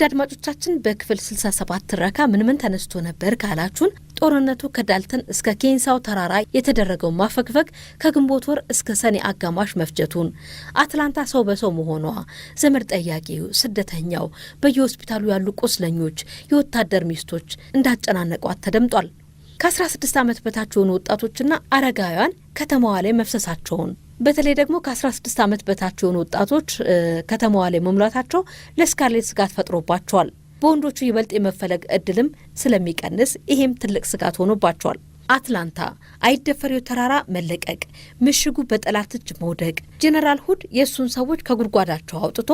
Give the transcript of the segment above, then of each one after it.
ውድ አድማጮቻችን በክፍል 67 ትረካ ምን ምን ተነስቶ ነበር ካላችሁን ጦርነቱ ከዳልተን እስከ ኬንሳው ተራራ የተደረገው ማፈግፈግ ከግንቦት ወር እስከ ሰኔ አጋማሽ መፍጀቱን፣ አትላንታ ሰው በሰው መሆኗ፣ ዘመድ ጠያቂው፣ ስደተኛው፣ በየሆስፒታሉ ያሉ ቁስለኞች፣ የወታደር ሚስቶች እንዳጨናነቋት ተደምጧል። ከ16 ዓመት በታች የሆኑ ወጣቶችና አረጋውያን ከተማዋ ላይ መፍሰሳቸውን በተለይ ደግሞ ከ16 ዓመት በታች የሆኑ ወጣቶች ከተማዋ ላይ መሙላታቸው ለስካርሌት ስጋት ፈጥሮባቸዋል። በወንዶቹ ይበልጥ የመፈለግ እድልም ስለሚቀንስ ይሄም ትልቅ ስጋት ሆኖባቸዋል። አትላንታ፣ አይደፈሬው ተራራ መለቀቅ፣ ምሽጉ በጠላት እጅ መውደቅ። ጄኔራል ሁድ የእሱን ሰዎች ከጉድጓዳቸው አውጥቶ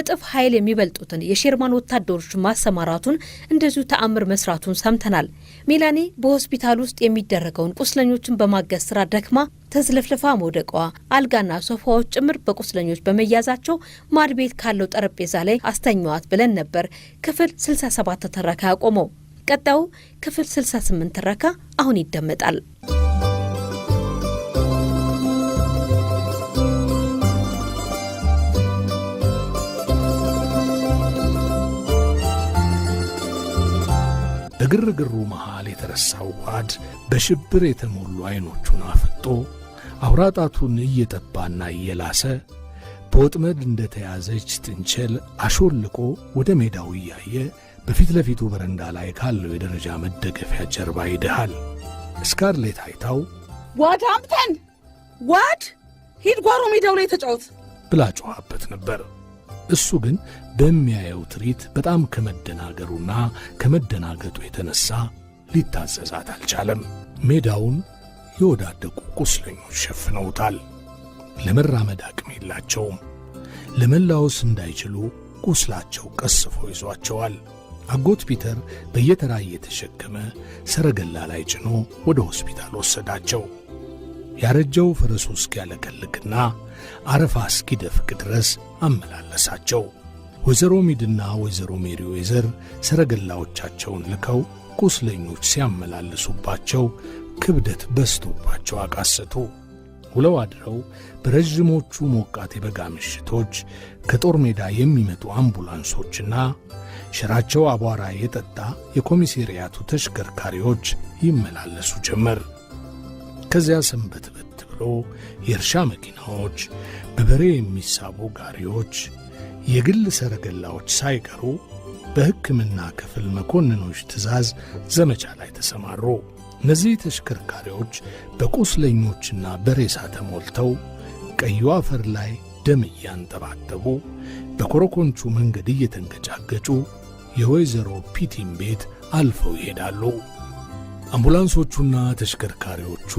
እጥፍ ኃይል የሚበልጡትን የሼርማን ወታደሮች ማሰማራቱን እንደዚሁ ተአምር መስራቱን ሰምተናል። ሜላኒ በሆስፒታል ውስጥ የሚደረገውን ቁስለኞችን በማገዝ ስራ ደክማ ተዝለፍልፋ መውደቀዋ አልጋና ሶፋዎች ጭምር በቁስለኞች በመያዛቸው ማድቤት ካለው ጠረጴዛ ላይ አስተኛዋት ብለን ነበር። ክፍል 67 ተተረካ ያቆመው ቀጣዩ ክፍል 68 ረካ አሁን ይደመጣል። በግርግሩ መሃል የተረሳው ዋድ በሽብር የተሞሉ ዐይኖቹን አፍጦ አውራጣቱን እየጠባና እየላሰ በወጥመድ እንደ ተያዘች ጥንቸል አሾልቆ ወደ ሜዳው እያየ በፊት ለፊቱ በረንዳ ላይ ካለው የደረጃ መደገፊያ ጀርባ ይድሃል። እስካርሌት አይታው ዋድ አምተን ዋድ ሂድ ጓሮ ሜዳው ላይ ተጫወት ብላ ጮኋበት ነበር። እሱ ግን በሚያየው ትርኢት በጣም ከመደናገሩና ከመደናገጡ የተነሳ ሊታዘዛት አልቻለም። ሜዳውን የወዳደቁ ቁስለኞች ሸፍነውታል። ለመራመድ አቅም የላቸውም። ለመላወስ እንዳይችሉ ቁስላቸው ቀስፎ ይዟቸዋል። አጎት ፒተር በየተራ እየተሸከመ ሰረገላ ላይ ጭኖ ወደ ሆስፒታል ወሰዳቸው። ያረጀው ፈረሱ እስኪያለከልክና አረፋ እስኪደፍቅ ድረስ አመላለሳቸው። ወይዘሮ ሚድና ወይዘሮ ሜሪ ወይዘር ሰረገላዎቻቸውን ልከው ቁስለኞች ሲያመላልሱባቸው ክብደት በዝቶባቸው አቃሰቱ። ውለው አድረው በረዥሞቹ ሞቃት የበጋ ምሽቶች ከጦር ሜዳ የሚመጡ አምቡላንሶችና ሸራቸው አቧራ የጠጣ የኮሚሴሪያቱ ተሽከርካሪዎች ይመላለሱ ጀመር። ከዚያ በት ብሎ የእርሻ መኪናዎች፣ በበሬ የሚሳቡ ጋሪዎች፣ የግል ሰረገላዎች ሳይቀሩ በሕክምና ክፍል መኮንኖች ትዕዛዝ ዘመቻ ላይ ተሰማሩ። እነዚህ ተሽከርካሪዎች በቁስለኞችና በሬሳ ተሞልተው ቀዩ አፈር ላይ ደም እያንጠባጠቡ በኮረኮንቹ መንገድ እየተንገጫገጩ የወይዘሮ ፒቲን ቤት አልፈው ይሄዳሉ። አምቡላንሶቹና ተሽከርካሪዎቹ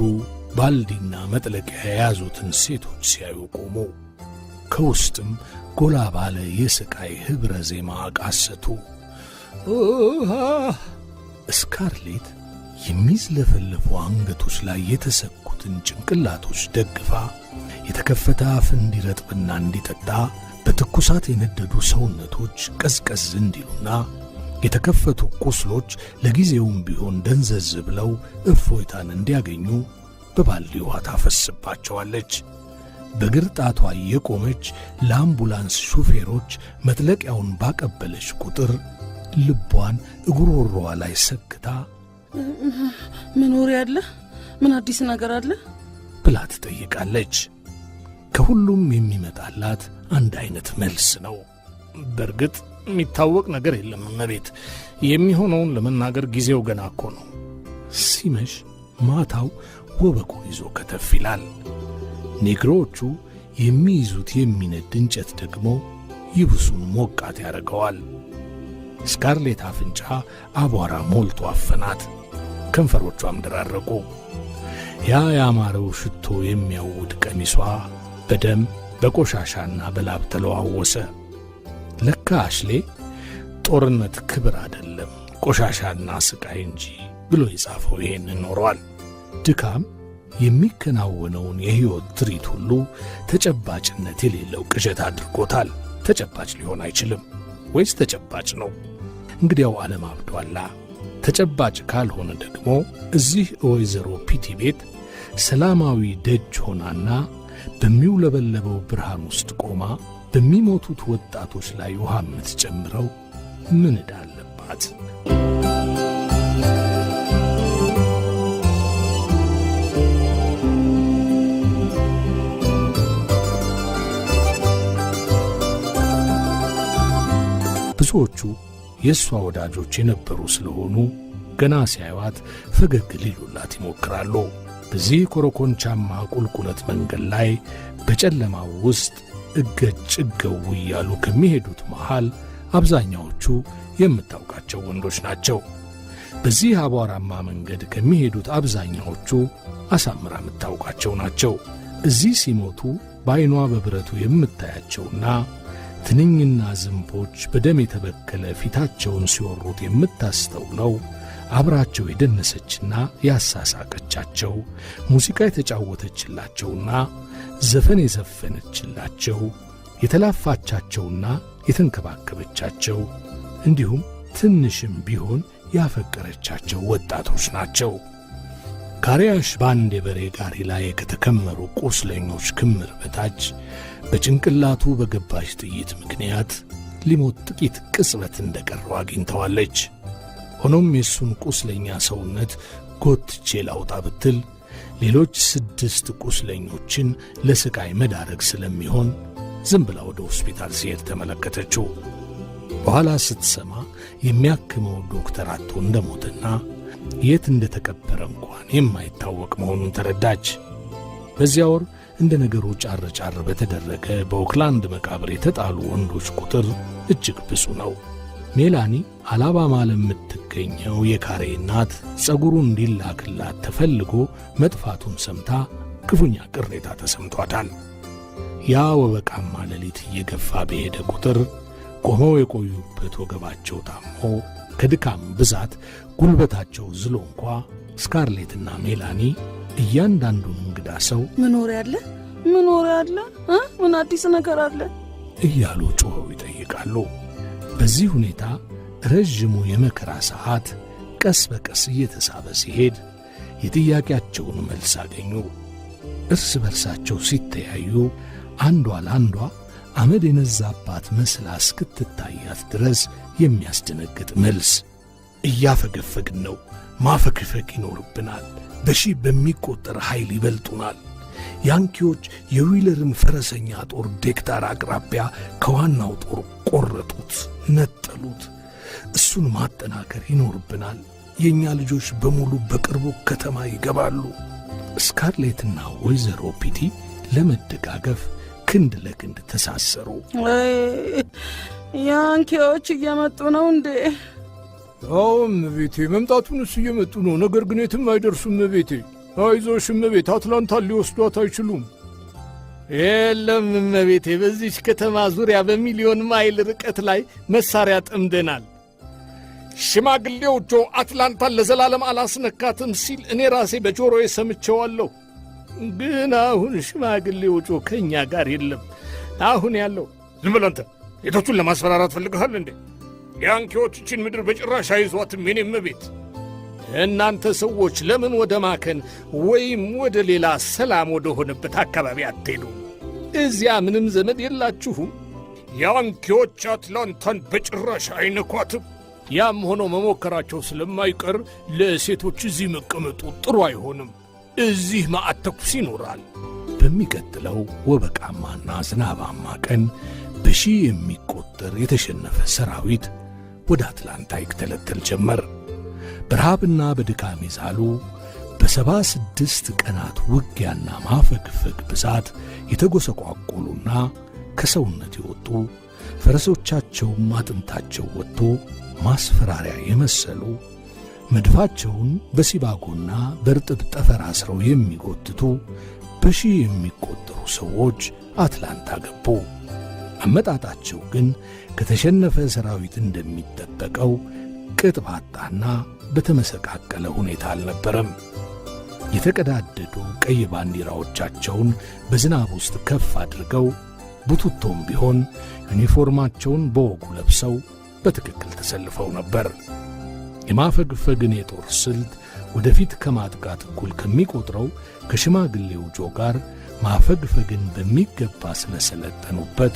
ባልዲና መጥለቂያ የያዙትን ሴቶች ሲያዩ ቆሙ። ከውስጥም ጎላ ባለ የሥቃይ ኅብረ ዜማ ቃሰቱ! እስካርሌት የሚዝለፈለፉ አንገቶች ላይ የተሰኩትን ጭንቅላቶች ደግፋ የተከፈተ አፍ እንዲረጥብና እንዲጠጣ በትኩሳት የነደዱ ሰውነቶች ቀዝቀዝ እንዲሉና የተከፈቱ ቁስሎች ለጊዜውም ቢሆን ደንዘዝ ብለው እፎይታን እንዲያገኙ በባልዲ ውሃ ታፈስባቸዋለች። በግርጣቷ የቆመች ለአምቡላንስ ሹፌሮች መጥለቂያውን ባቀበለች ቁጥር ልቧን እጉሮሮዋ ላይ ሰክታ ምን ወሬ አለ? ምን አዲስ ነገር አለ? ብላ ትጠይቃለች። ከሁሉም የሚመጣላት አንድ አይነት መልስ ነው። በእርግጥ የሚታወቅ ነገር የለም እመቤት፣ የሚሆነውን ለመናገር ጊዜው ገና እኮ ነው። ሲመሽ ማታው ወበቁ ይዞ ከተፍ ይላል። ኔግሮዎቹ የሚይዙት የሚነድ እንጨት ደግሞ ይብሱን ሞቃት ያደርገዋል። ስካርሌት አፍንጫ አቧራ ሞልቶ አፈናት። ከንፈሮቿም ደራረቁ። ያ ያማረው ሽቶ የሚያውድ ቀሚሷ በደም በቆሻሻና በላብ ተለዋወሰ። ለካ አሽሌ ጦርነት ክብር አይደለም ቆሻሻና ስቃይ እንጂ ብሎ የጻፈው ይሄን ኖሯል። ድካም የሚከናወነውን የሕይወት ትርኢት ሁሉ ተጨባጭነት የሌለው ቅዠት አድርጎታል። ተጨባጭ ሊሆን አይችልም። ወይስ ተጨባጭ ነው? እንግዲያው ዓለም አብዷላ። ተጨባጭ ካልሆነ ደግሞ እዚህ ወይዘሮ ፒቲ ቤት ሰላማዊ ደጅ ሆናና በሚውለበለበው ብርሃን ውስጥ ቆማ በሚሞቱት ወጣቶች ላይ ውሃ የምትጨምረው ምን ዕዳ አለባት? ብዙዎቹ የእሷ ወዳጆች የነበሩ ስለሆኑ ገና ሲያዩዋት ፈገግ ሊሉላት ይሞክራሉ። በዚህ ኮረኮንቻማ ቁልቁለት መንገድ ላይ በጨለማው ውስጥ እገጭ እገው እያሉ ከሚሄዱት መሃል አብዛኛዎቹ የምታውቃቸው ወንዶች ናቸው። በዚህ አቧራማ መንገድ ከሚሄዱት አብዛኛዎቹ አሳምራ የምታውቃቸው ናቸው። እዚህ ሲሞቱ በዐይኗ በብረቱ የምታያቸውና ትንኝና ዝንቦች በደም የተበከለ ፊታቸውን ሲወሩት የምታስተውለው አብራቸው የደነሰችና ያሳሳቀቻቸው ሙዚቃ የተጫወተችላቸውና ዘፈን የዘፈነችላቸው የተላፋቻቸውና የተንከባከበቻቸው እንዲሁም ትንሽም ቢሆን ያፈቀረቻቸው ወጣቶች ናቸው። ካሪያሽ በአንድ የበሬ ጋሪ ላይ ከተከመሩ ቁስለኞች ክምር በታች በጭንቅላቱ በገባች ጥይት ምክንያት ሊሞት ጥቂት ቅጽበት ቀረው አግኝተዋለች። ሆኖም የእሱን ቁስለኛ ሰውነት ጎትቼ ላውጣ ብትል ሌሎች ስድስት ቁስለኞችን ለሥቃይ መዳረግ ስለሚሆን ዝም ብላ ወደ ሆስፒታል ሲሄድ ተመለከተችው። በኋላ ስትሰማ የሚያክመው ዶክተር እንደ እንደሞተና የት እንደተቀበረ እንኳን የማይታወቅ መሆኑን ተረዳች። በዚያ ወር እንደ ነገሩ ጫር ጫር በተደረገ በኦክላንድ መቃብር የተጣሉ ወንዶች ቁጥር እጅግ ብዙ ነው። ሜላኒ አላባማ ለምትገኘው የካሬ እናት ፀጉሩን እንዲላክላት ተፈልጎ መጥፋቱን ሰምታ ክፉኛ ቅሬታ ተሰምቷታል። ያ ወበቃማ ሌሊት እየገፋ በሄደ ቁጥር ቆመው የቆዩበት ወገባቸው ታሞ ከድካም ብዛት ጉልበታቸው ዝሎ እንኳ ስካርሌትና ሜላኒ እያንዳንዱን እንግዳ ሰው ምኖር ያለ ምኖር ያለ ምን አዲስ ነገር አለ እያሉ ጮኸው ይጠይቃሉ። በዚህ ሁኔታ ረዥሙ የመከራ ሰዓት ቀስ በቀስ እየተሳበ ሲሄድ የጥያቄያቸውን መልስ አገኙ። እርስ በርሳቸው ሲተያዩ አንዷ ለአንዷ አመድ የነዛባት መስላ እስክትታያት ድረስ የሚያስደነግጥ መልስ እያፈገፈግን ነው። ማፈግፈግ ይኖርብናል። በሺህ በሚቆጠር ኃይል ይበልጡናል። ያንኪዎች የዊለርን ፈረሰኛ ጦር ዴክታር አቅራቢያ ከዋናው ጦር ቆረጡት፣ ነጠሉት። እሱን ማጠናከር ይኖርብናል። የእኛ ልጆች በሙሉ በቅርቡ ከተማ ይገባሉ። ስካርሌትና ወይዘሮ ፒቲ ለመደጋገፍ ክንድ ለክንድ ተሳሰሩ። ያንኪዎች እየመጡ ነው እንዴ? አሁን እመቤቴ መምጣቱን እሱ እየመጡ ነው። ነገር ግን የትም አይደርሱም እመቤቴ። አይዞሽ እመቤት፣ አትላንታን ሊወስዷት አይችሉም። የለም እመቤቴ፣ በዚች ከተማ ዙሪያ በሚሊዮን ማይል ርቀት ላይ መሳሪያ ጠምደናል። ሽማግሌው ጆ አትላንታን ለዘላለም አላስነካትም ሲል እኔ ራሴ በጆሮዬ ሰምቼዋለሁ። ግን አሁን ሽማግሌው ጆ ከእኛ ጋር የለም። አሁን ያለው ዝም በል አንተ። ሴቶቹን ለማስፈራራት ፈልግሃል እንዴ? የአንኪዎችን ምድር በጭራሽ አይዟትም። የኔም ቤት እናንተ ሰዎች ለምን ወደ ማከን ወይም ወደ ሌላ ሰላም ወደ ሆነበት አካባቢ አትሄዱ? እዚያ ምንም ዘመድ የላችሁም። የአንኪዎች አትላንታን በጭራሽ አይነኳትም። ያም ሆኖ መሞከራቸው ስለማይቀር ለሴቶች እዚህ መቀመጡ ጥሩ አይሆንም። እዚህ ማዕተኩስ ይኖራል። በሚቀጥለው ወበቃማና ዝናባማ ቀን በሺህ የሚቆጠር የተሸነፈ ሰራዊት ወደ አትላንታ ይተለተል ጀመር። በረሃብና በድካም ይዛሉ። በሰባ ስድስት ቀናት ውጊያና ማፈግፈግ ብዛት የተጎሰቋቆሉና ከሰውነት የወጡ ፈረሶቻቸውም አጥንታቸው ወጥቶ ማስፈራሪያ የመሰሉ መድፋቸውን በሲባጎና በርጥብ ጠፈር አስረው የሚጎትቱ በሺህ የሚቆጠሩ ሰዎች አትላንታ ገቡ። አመጣጣቸው ግን ከተሸነፈ ሰራዊት እንደሚጠበቀው ቅጥ ባጣና በተመሰቃቀለ ሁኔታ አልነበረም። የተቀዳደዱ ቀይ ባንዲራዎቻቸውን በዝናብ ውስጥ ከፍ አድርገው ቡቱቶም ቢሆን ዩኒፎርማቸውን በወጉ ለብሰው በትክክል ተሰልፈው ነበር። የማፈግፈግን የጦር ስልት ወደፊት ከማጥቃት እኩል ከሚቆጥረው ከሽማግሌው ጆ ጋር ማፈግፈግን በሚገባ ስለሰለጠኑበት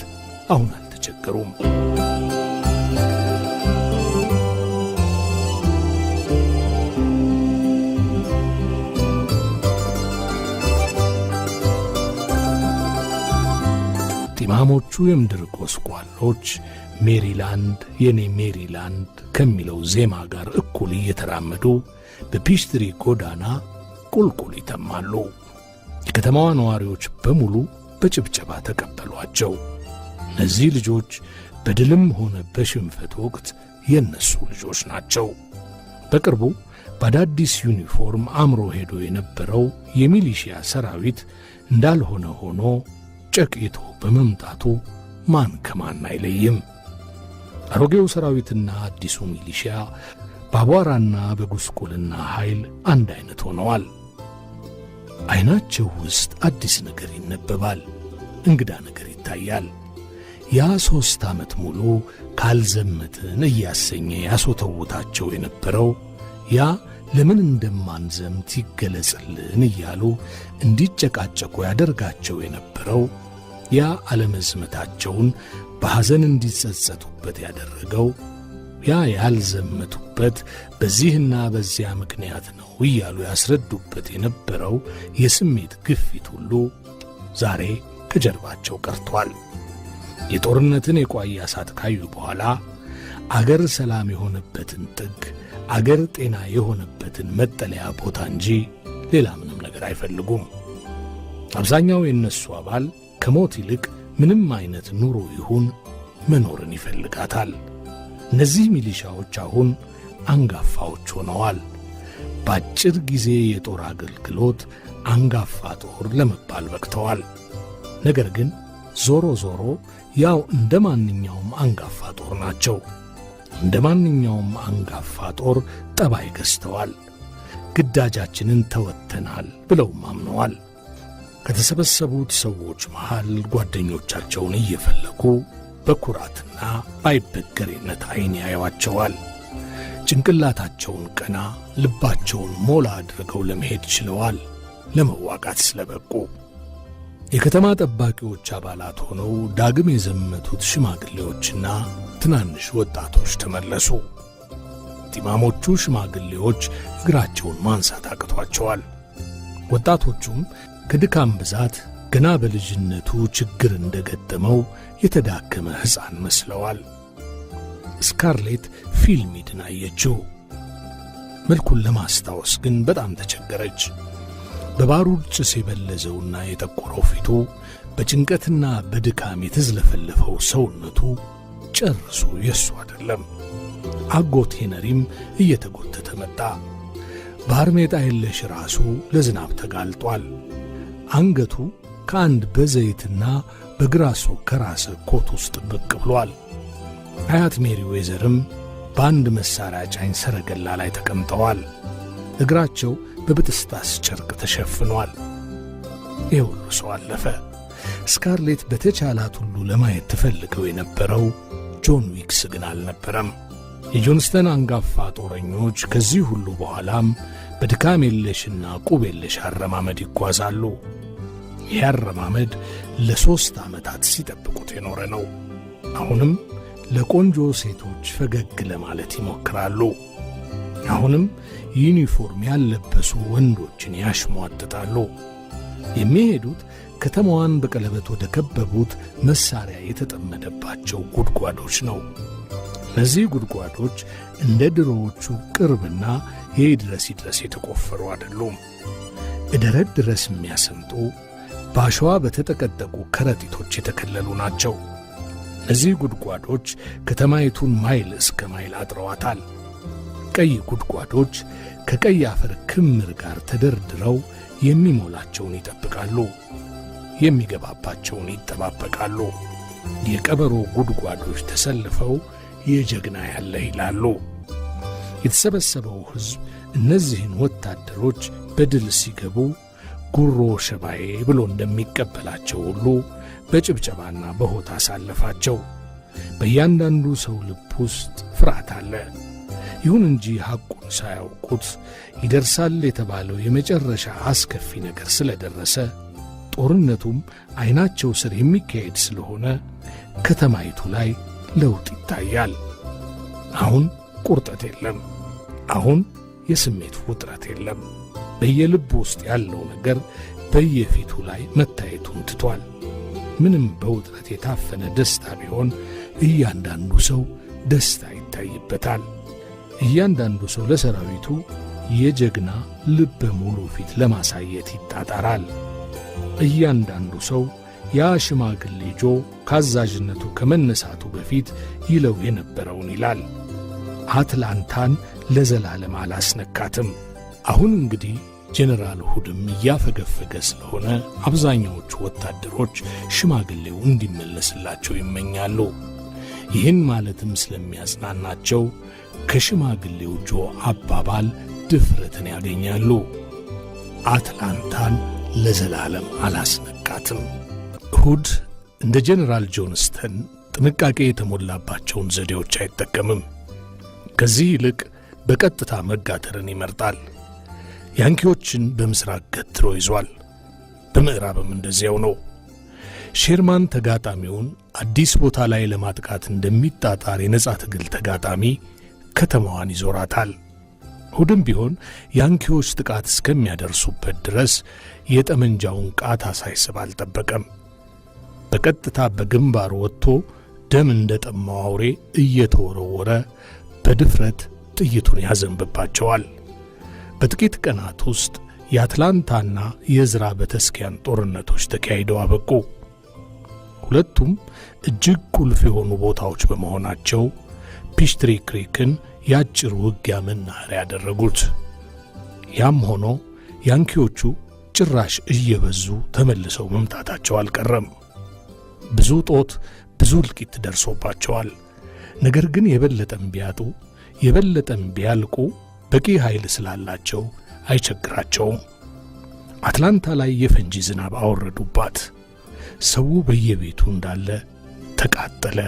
አሁን አልተቸገሩም። ጢማሞቹ የምድር ቆስቋሎች ሜሪላንድ የኔ ሜሪላንድ ከሚለው ዜማ ጋር እኩል እየተራመዱ በፒሽትሪ ጎዳና ቁልቁል ይተማሉ። የከተማዋ ነዋሪዎች በሙሉ በጭብጨባ ተቀበሏቸው። እነዚህ ልጆች በድልም ሆነ በሽንፈት ወቅት የእነሱ ልጆች ናቸው። በቅርቡ በአዳዲስ ዩኒፎርም አምሮ ሄዶ የነበረው የሚሊሺያ ሰራዊት እንዳልሆነ ሆኖ ጨቂቶ በመምጣቱ ማን ከማን አይለይም። አሮጌው ሰራዊትና አዲሱ ሚሊሺያ በአቧራና በጉስቁልና ኃይል አንድ አይነት ሆነዋል። አይናቸው ውስጥ አዲስ ነገር ይነበባል። እንግዳ ነገር ይታያል። ያ ሦስት ዓመት ሙሉ ካልዘመትን እያሰኘ ያስወተውታቸው የነበረው ያ ለምን እንደማንዘምት ይገለጽልን እያሉ እንዲጨቃጨቁ ያደርጋቸው የነበረው ያ አለመዝመታቸውን በሐዘን እንዲጸጸቱበት ያደረገው ያ ያልዘመቱበት በዚህና በዚያ ምክንያት ነው እያሉ ያስረዱበት የነበረው የስሜት ግፊት ሁሉ ዛሬ ከጀርባቸው ቀርቷል። የጦርነትን የቋያ እሳት ካዩ በኋላ አገር ሰላም የሆነበትን ጥግ አገር ጤና የሆነበትን መጠለያ ቦታ እንጂ ሌላ ምንም ነገር አይፈልጉም። አብዛኛው የእነሱ አባል ከሞት ይልቅ ምንም አይነት ኑሮ ይሁን መኖርን ይፈልጋታል። እነዚህ ሚሊሻዎች አሁን አንጋፋዎች ሆነዋል። በአጭር ጊዜ የጦር አገልግሎት አንጋፋ ጦር ለመባል በቅተዋል። ነገር ግን ዞሮ ዞሮ ያው እንደ ማንኛውም አንጋፋ ጦር ናቸው። እንደ ማንኛውም አንጋፋ ጦር ጠባይ ገዝተዋል። ግዳጃችንን ተወጥተናል ብለውም አምነዋል። ከተሰበሰቡት ሰዎች መሃል ጓደኞቻቸውን እየፈለጉ በኩራትና ባይበገሬነት ዐይን ያየዋቸዋል። ጭንቅላታቸውን ቀና፣ ልባቸውን ሞላ አድርገው ለመሄድ ችለዋል። ለመዋጋት ስለበቁ የከተማ ጠባቂዎች አባላት ሆነው ዳግም የዘመቱት ሽማግሌዎችና ትናንሽ ወጣቶች ተመለሱ። ጢማሞቹ ሽማግሌዎች እግራቸውን ማንሳት አቅቷቸዋል። ወጣቶቹም ከድካም ብዛት ገና በልጅነቱ ችግር እንደገጠመው የተዳከመ ሕፃን መስለዋል። ስካርሌት ፊልሚድን አየችው። መልኩን ለማስታወስ ግን በጣም ተቸገረች። በባሩድ ጭስ የበለዘውና የጠቆረው ፊቱ፣ በጭንቀትና በድካም የተዝለፈለፈው ሰውነቱ ጨርሶ የእሱ አይደለም። አጎት ሄነሪም እየተጎተተ መጣ። ባርኔጣ የለሽ ራሱ ለዝናብ ተጋልጧል። አንገቱ ከአንድ በዘይትና በግራሱ ከራሰ ኮት ውስጥ ብቅ ብሏል። አያት ሜሪ ዌዘርም በአንድ መሣሪያ ጫኝ ሰረገላ ላይ ተቀምጠዋል። እግራቸው በብጥስጣስ ጨርቅ ተሸፍኗል። የሁሉ ሰው አለፈ። ስካርሌት በተቻላት ሁሉ ለማየት ትፈልገው የነበረው ጆን ዊክስ ግን አልነበረም። የጆንስተን አንጋፋ ጦረኞች ከዚህ ሁሉ በኋላም በድካም የለሽና ቁብ የለሽ አረማመድ ይጓዛሉ። ይህ አረማመድ ለሦስት ዓመታት ሲጠብቁት የኖረ ነው። አሁንም ለቆንጆ ሴቶች ፈገግ ለማለት ይሞክራሉ። አሁንም ዩኒፎርም ያልለበሱ ወንዶችን ያሽሟጥጣሉ። የሚሄዱት ከተማዋን በቀለበት ወደ ከበቡት መሣሪያ የተጠመደባቸው ጉድጓዶች ነው። እነዚህ ጉድጓዶች እንደ ድሮዎቹ ቅርብና ድረስ ይድረስ የተቆፈሩ አይደሉም። እደረት ድረስ የሚያሰምጡ በአሸዋ በተጠቀጠቁ ከረጢቶች የተከለሉ ናቸው። እነዚህ ጉድጓዶች ከተማይቱን ማይል እስከ ማይል አጥረዋታል። ቀይ ጉድጓዶች ከቀይ አፈር ክምር ጋር ተደርድረው የሚሞላቸውን ይጠብቃሉ፣ የሚገባባቸውን ይጠባበቃሉ። የቀበሮ ጉድጓዶች ተሰልፈው የጀግና ያለ ይላሉ። የተሰበሰበው ሕዝብ እነዚህን ወታደሮች በድል ሲገቡ ጉሮ ሸባዬ ብሎ እንደሚቀበላቸው ሁሉ በጭብጨባና በሆታ አሳለፋቸው። በእያንዳንዱ ሰው ልብ ውስጥ ፍርሃት አለ። ይሁን እንጂ ሐቁን ሳያውቁት ይደርሳል የተባለው የመጨረሻ አስከፊ ነገር ስለደረሰ ጦርነቱም ዐይናቸው ስር የሚካሄድ ስለሆነ ከተማይቱ ላይ ለውጥ ይታያል። አሁን ቁርጠት የለም። አሁን የስሜት ውጥረት የለም። በየልብ ውስጥ ያለው ነገር በየፊቱ ላይ መታየቱን ትቷል። ምንም በውጥረት የታፈነ ደስታ ቢሆን እያንዳንዱ ሰው ደስታ ይታይበታል። እያንዳንዱ ሰው ለሰራዊቱ የጀግና ልበ ሙሉ ፊት ለማሳየት ይጣጣራል። እያንዳንዱ ሰው ያ ሽማግሌ ጆ ከአዛዥነቱ ከመነሳቱ በፊት ይለው የነበረውን ይላል። አትላንታን ለዘላለም አላስነካትም። አሁን እንግዲህ ጄኔራል ሁድም እያፈገፈገ ስለሆነ አብዛኛዎቹ ወታደሮች ሽማግሌው እንዲመለስላቸው ይመኛሉ። ይህን ማለትም ስለሚያጽናናቸው ከሽማግሌዎቹ አባባል ድፍረትን ያገኛሉ። አትላንታን ለዘላለም አላስነቃትም። እሁድ እንደ ጀኔራል ጆንስተን ጥንቃቄ የተሞላባቸውን ዘዴዎች አይጠቀምም። ከዚህ ይልቅ በቀጥታ መጋተርን ይመርጣል። ያንኪዎችን በምሥራቅ ገትሮ ይዟል፣ በምዕራብም እንደዚያው ነው። ሼርማን ተጋጣሚውን አዲስ ቦታ ላይ ለማጥቃት እንደሚጣጣር የነጻ ትግል ተጋጣሚ ከተማዋን ይዞራታል። እሁድም ቢሆን ያንኪዎች ጥቃት እስከሚያደርሱበት ድረስ የጠመንጃውን ቃታ ሳይስብ አልጠበቀም። በቀጥታ በግንባር ወጥቶ ደም እንደ ጠማው አውሬ እየተወረወረ በድፍረት ጥይቱን ያዘንብባቸዋል። በጥቂት ቀናት ውስጥ የአትላንታና የዝራ በተስኪያን ጦርነቶች ተካሂደው አበቁ። ሁለቱም እጅግ ቁልፍ የሆኑ ቦታዎች በመሆናቸው ፒሽትሪ ክሪክን የአጭር ውጊያ መናኸሪያ ያደረጉት። ያም ሆኖ ያንኪዎቹ ጭራሽ እየበዙ ተመልሰው መምጣታቸው አልቀረም። ብዙ ጦት፣ ብዙ እልቂት ደርሶባቸዋል። ነገር ግን የበለጠም ቢያጡ የበለጠም ቢያልቁ በቂ ኃይል ስላላቸው አይቸግራቸውም። አትላንታ ላይ የፈንጂ ዝናብ አወረዱባት። ሰው በየቤቱ እንዳለ ተቃጠለ፣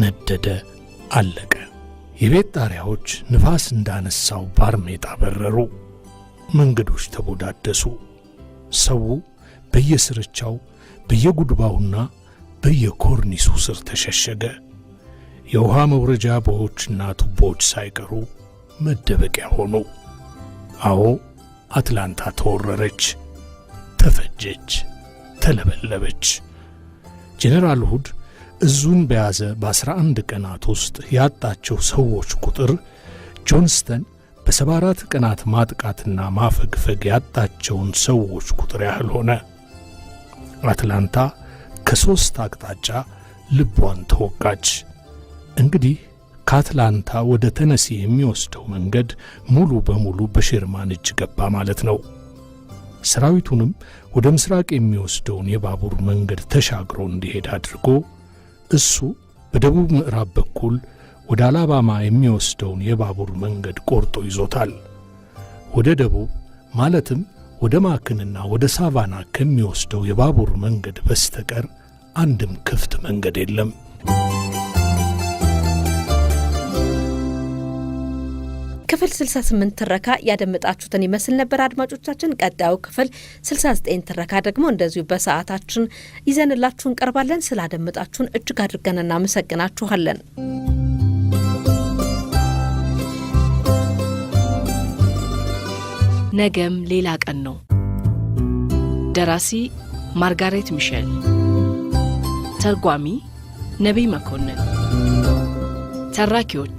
ነደደ፣ አለቀ። የቤት ጣሪያዎች ንፋስ እንዳነሳው ባርሜጣ በረሩ። መንገዶች ተቦዳደሱ። ሰው በየስርቻው በየጉድባውና በየኮርኒሱ ስር ተሸሸገ። የውሃ መውረጃ ቦዎችና ቱቦዎች ሳይቀሩ መደበቂያ ሆኑ። አዎ አትላንታ ተወረረች፣ ተፈጀች፣ ተለበለበች። ጄኔራል ሁድ እዙን በያዘ በ11 ቀናት ውስጥ ያጣቸው ሰዎች ቁጥር ጆንስተን በ74 ቀናት ማጥቃትና ማፈግፈግ ያጣቸውን ሰዎች ቁጥር ያህል ሆነ። አትላንታ ከሦስት አቅጣጫ ልቧን ተወቃች። እንግዲህ ከአትላንታ ወደ ተነሲ የሚወስደው መንገድ ሙሉ በሙሉ በሼርማን እጅ ገባ ማለት ነው። ሰራዊቱንም ወደ ምስራቅ የሚወስደውን የባቡር መንገድ ተሻግሮ እንዲሄድ አድርጎ እሱ በደቡብ ምዕራብ በኩል ወደ አላባማ የሚወስደውን የባቡር መንገድ ቆርጦ ይዞታል። ወደ ደቡብ ማለትም ወደ ማክንና ወደ ሳቫና ከሚወስደው የባቡር መንገድ በስተቀር አንድም ክፍት መንገድ የለም። ክፍል 68 ትረካ ያደመጣችሁትን ይመስል ነበር አድማጮቻችን። ቀጣዩ ክፍል 69 ትረካ ደግሞ እንደዚሁ በሰዓታችን ይዘንላችሁ እንቀርባለን። ስላደመጣችሁን እጅግ አድርገን እናመሰግናችኋለን። ነገም ሌላ ቀን ነው። ደራሲ ማርጋሬት ሚሼል፣ ተርጓሚ ነቢይ መኮንን፣ ተራኪዎች